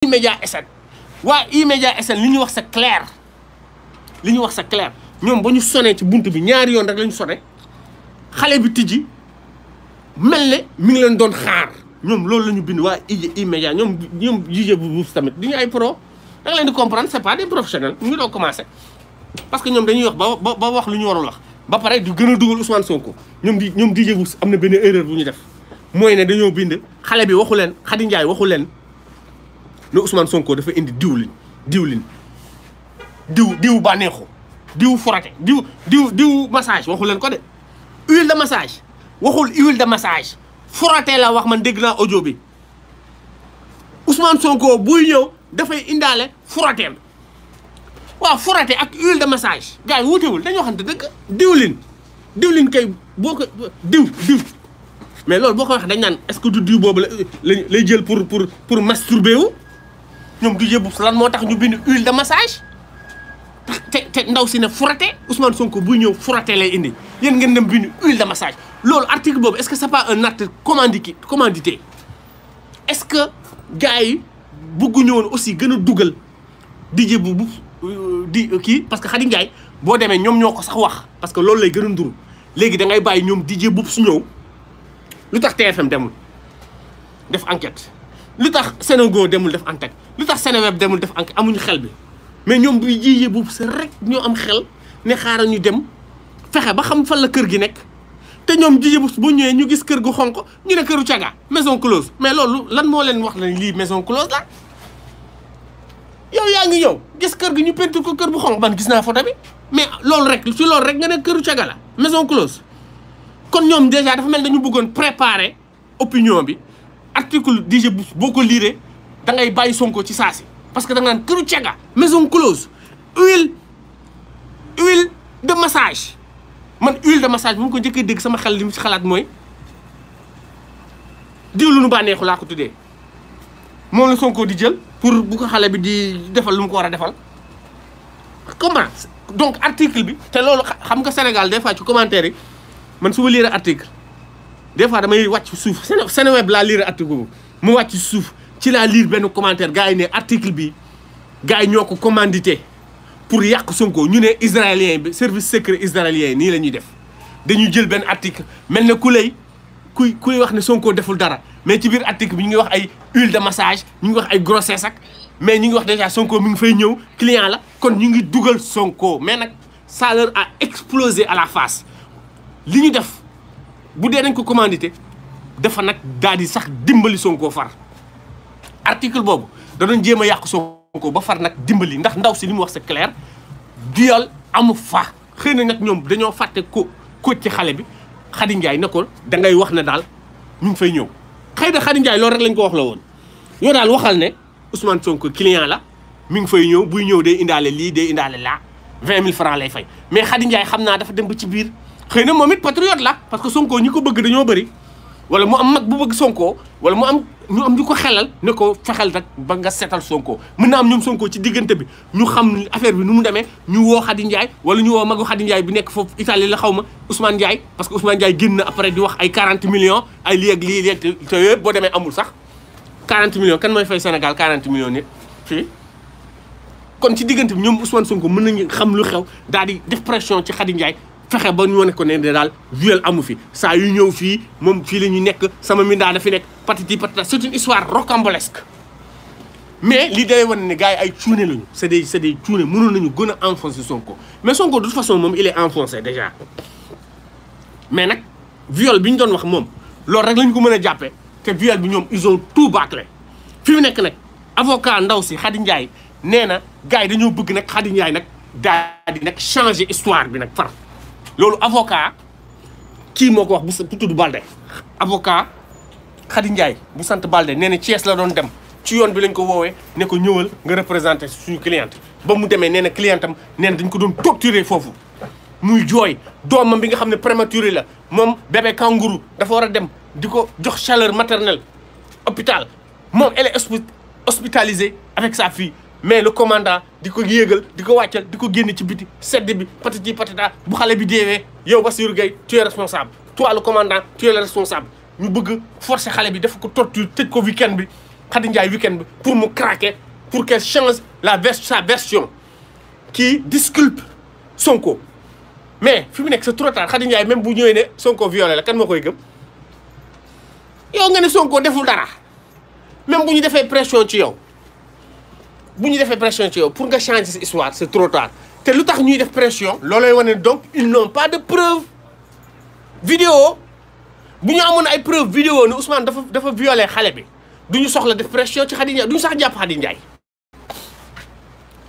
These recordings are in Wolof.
E-Media SN waa E-Media SN li ñu wax c'est clair li ñu wax c'est clair ñoom ba ñu sonee ci bunt bi ñaari yoon rek lañu sone xale bi tijji mel ne mu ngi leen doon xaar ñoom loolu la ñu bind waa E-Media ñoom ñoom jugé bu buuf tamit di ñu ay pro da nga leen di comprendre c'est pas des professionnels ñu ngi doo commencé parce que ñoom dañuy wax ba ba wax lu ñu warul wax ba pare du gën a dugal Ousmane Sonko ñoom di ñoom jugé bu am na benn erreur bu ñu def mooy ne dañoo bind xale bi waxu leen Khady Ndiaye waxu leen ne Ousmane Sonko dafa indi diwlin diwlin diw diw bànneexu diw frotte diw diw diw massage waxu leen ko de huile de massage waxul huile de massage frotte la wax man dégg naa audio bi Ousmane Sonko buy ñëw dafay indaale frotteem waaw frotté ak huile de massage gars yi wuutewul dañoo xam da dëgg diwlin diwlin kay boo ko diw diw mais loolu boo ko wax dañ naan est-ce que du diw boobu la lay jël pour pour pour masturber wu ñoom du yëbbu lan moo tax ñu bind huile de massage te te ndaw si ne frotté Ousmane Sonko buy ñëw frotté lay indi yéen ngeen dem bind huile de massage loolu article Bob, est-ce que ça pas un acte commandité commandité est-ce que gars yi bëgguñu aussi gën a dugal di bu bu euh, di euh, kii parce que Khady Ndiaye boo demee ñoom ñoo ko sax wax parce que loolu lay gën a nduru léegi da ngay bàyyi ñoom DJ Boubs su ñëw lu tax TFM demul def enquête lu tax go demul def antek, lu tax Sénéweb demul def enquête amuñu xel bi mais ñom bu yeyé bu rek ño am xel ne xara ñu dem fexé ba xam fa la kër gi nek te ñom jije bu bu ñëwee ñu gis kër gu xonk ñu ne këru caga maison close mais lolu lan mo leen wax lan li maison close la yow yaa ngi ñëw gis kër gi ñu peinture ko kër bu xonk man gis na photo bi mais lolu rek ci lolu rek nga ne këru caga la maison close kon ñom déjà dafa mel dañu bëggoon préparer opinion bi article DG boo ko liiree dangay bàyyi Sonko ci saasi parce que da nga naan këru cega maison close huile de massage man huile de massage bu ma ko jëkkee dégg sama xel li mu ci xalaat mooy diw lu nu bànneexu laa ko tuddee moo la Sonko di jël pour bu ko xale bi di defal lu mu ko war a defal comment donc article bi te loolu xam nga Sénégal des fois ci commentaire yi man su ma liiree des fois damay wàcc suuf seen web la lire article boobu mu wàcc suuf ci la lire ben commentaire gars yi ne article bi gars ñoko commandité pour yak Sonko ñu né israélien bi service secret israélien ni lañuy def dañu jël ben article melne ne kuy kuy wax ne Sonko deful dara mais ci biir article bi ñu ngi wax ay huile de massage ñu ngi wax ay grossesse ak mais ñu ngi wax déjà Sonko mi ngi fay ñew client la kon ñu ngi duggal Sonko mais nak ça leur a explosé à la face li ñu def. bu dee dañ ko commandité dafa nag daal di sax dimbali Sonko far article boobu danañ doon jéem a yàq Sonko ba far nag dimbali ndax ndaw si li mu wax sa clair duel amu fa xëy na nag ñoom dañoo fàtte ko ko ci xale bi Khady Ndiaye ne ko da ngay wax ne daal ñu ngi fay ñëw xëy na Khady Ndiaye loolu rek lañ ko wax la woon yow daal waxal ne Ousmane Sonko client la mi ngi fay ñëw buy ñëw day indaale lii day indaale laa vingt mille francs lay fay mais Khady xam naa dafa dem ba ci biir xëy na moom it patriote la parce que Sonko ñi ko bëgg dañoo bëri wala mu am mag bu bëgg sonkoo wala mu am ñu am ñu ko xelal ne ko fexel rek ba nga seetal Sonko mën naa am ñoom Sonko ci diggante bi ñu xam affaire bi nu mu demee ñu woo Khady Ndiaye wala ñu woo magu Khady Ndiaye bi foofu Italie la xaw ma Ousmane Ndiaye parce que Ousmane Ndiaye génn na après di wax ay 40 ay lii ak lii léeg boo demee amul sax 40 millions kan mooy fay Sénégal 40 millions nit kon ci diggante bi ñoom Ousmane Sonko mën nañu xam lu xew daal di def pression ci Khady Ndiaye fexé ba ñu wane ko né dal viol amu fi saa yu ñëw fi mom fi la ñu nekk sama minda mindaa dafi nekk patati patata c'est une histoire rocambolesque mais li day wane ne gars ay ciuné lañu c'est des c'est des ciuné mënu nañu gëna a enfoncer Sonko mais Sonko de toute façon mom il est enfoncé déjà mais nak viol bi ñu doon wax mom lool rek lañ ko mëna jappé té viol bi ñom ils ont tout bâclé fi mu nekk nag avocat ndaw si Khady Ndiaye néna gaay dañu bëgg nak Khady Ndiaye nak daal di nak changer histoire bi nak far lolu avocat ki moko wax bu sa Balde avocat khadi Ndiaye bu sante Balde nee na Thiès la doon dem ci yoon bi lañ ko wowe ne ko ñëwël nga représenter suñu cliente ba mu démé nee clientam cliente dañ ko doon torturer fofu muy joy, domam bi nga xamné ne prématuré la mom bébé kanguru. dafa war dem diko jox chaleur maternelle hôpital mom elle est hospitalisée avec sa fille mais le commandant diko ko diko di diko guen ci biti sedd bi patati patata bu xalé bi déwé yow Bassirou Gueye tu es responsable toi le commandant tu es le responsable ñu bëgg forcer xalé bi def ko torture tëj ko weekend bi Khady Ndiaye weekend bi pour mu craquer pour qu'elle change la sa version qui disculpe Sonko mais fi mu nekk c'est trop tard Khady Ndiaye même bu ñëwee né Sonko violé la kan mo koy gëm yow nga ne Sonko deful dara même bu ñu défé pression ci yow bu ñu defee pression ci yow pour nga changer sa histoire c'est trop tard te lu tax ñuy def pression. loolay wane donc ils n'ont pas de preuve vidéo bu ñu amoon ay preuve vidéo ne Ousmane dafa dafa violé xale bi du ñu soxla def pression ci Khady Ndiaye du ñu sax jàpp Khady Ndiaye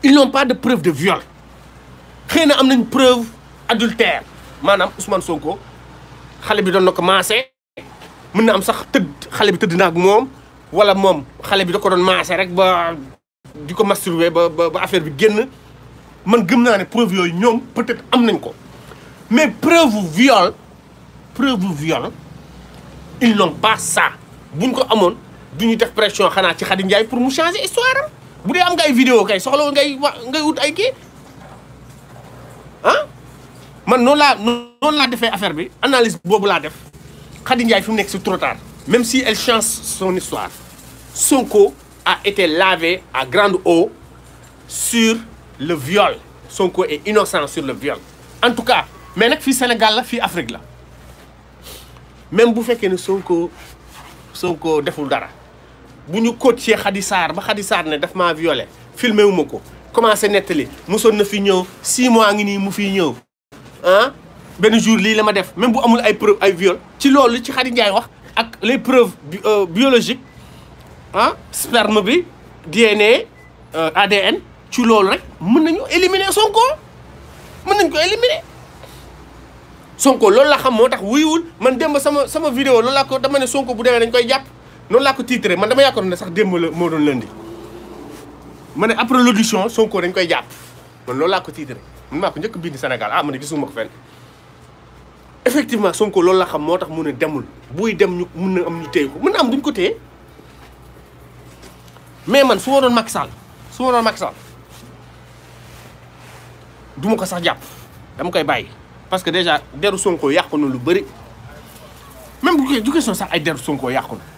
ils n'ont pas de preuve de viol xëy na am preuve adultère maanaam Ousmane Sonko xale bi doon na ko maase mën na am sax tëdd xale bi tëdd na ak moom wala moom xale bi da ko doon maase rek ba. Je ko ba ba affaire bi sais man gëm preuves ne peut-être mais preuve viol preuve viol ils n'ont pas ça buñ ko pression pour nous changer histoire vous vidéo kay ngay ngay wut ay hein? man non affaire bi analyse trop tard même si elle change son histoire co a été lavé à grande eau sur le viol Sonko est innocent sur le viol en tout cas mais nag fii Sénégal la fii Afrique la même bu que ne Sonko Sonko deful dara nous ñu coaché Khady Khadisar ba Khady ne daf maa violé filmé ma comment commencé nettali mosoon nous fi ñëw six mois ngi nous mu hein ben ah benn jour li ma def même bu amul ay preuve ay viol ci loolu ci Khady wax ak les preuves euh, biologiques ah sperme bi DNA euh, ADN ci loolu rek mën nañu éliminer Sonko mën nañ ko éliminer Sonko loolu la xam moo tax wuyuwul man démb sama sama vidéo loolu laa ko dama ne Sonko bu demee dañ koy jàpp noonu laa ko titré man dama yaakaaroon ne sax démb moo doon lundi ma ne après l'audition Sonko dañ koy jàpp man loolu laa ko titré man maa ko njëkk bind Sénégal ah ma di gisuma ko fenn effectivement Sonko loolu la xam moo tax mu ne demul buy dem ñu mun na am ñu téye ko mën na am duñ ko téye. mais man su ma doon Macky Sall su ma doon Macky du ma ko sax jàpp dama koy bàyyi parce que déjà deru Sonko yàqu na lu bëri même bu ko question sax ay deru Sonko yàqu